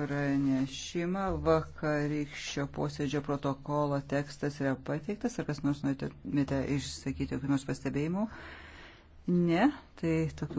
pranešimą. Vakarykščio posėdžio protokolo tekstas yra pateiktas. Ar kas nors norite išsakyti kokių nors pastebėjimų? Ne, tai tokiu būdu.